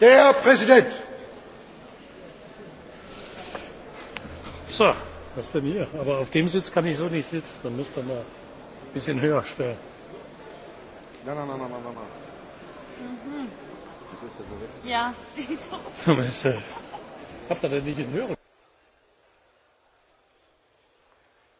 Herr Präsident! So, was ist denn hier? Aber auf dem Sitz kann ich so nicht sitzen. Da müsste man ein bisschen höher stellen. Nein, nein, nein, nein, nein, nein. Mhm. Ja, wieso? Habt ihr denn nicht in höheren?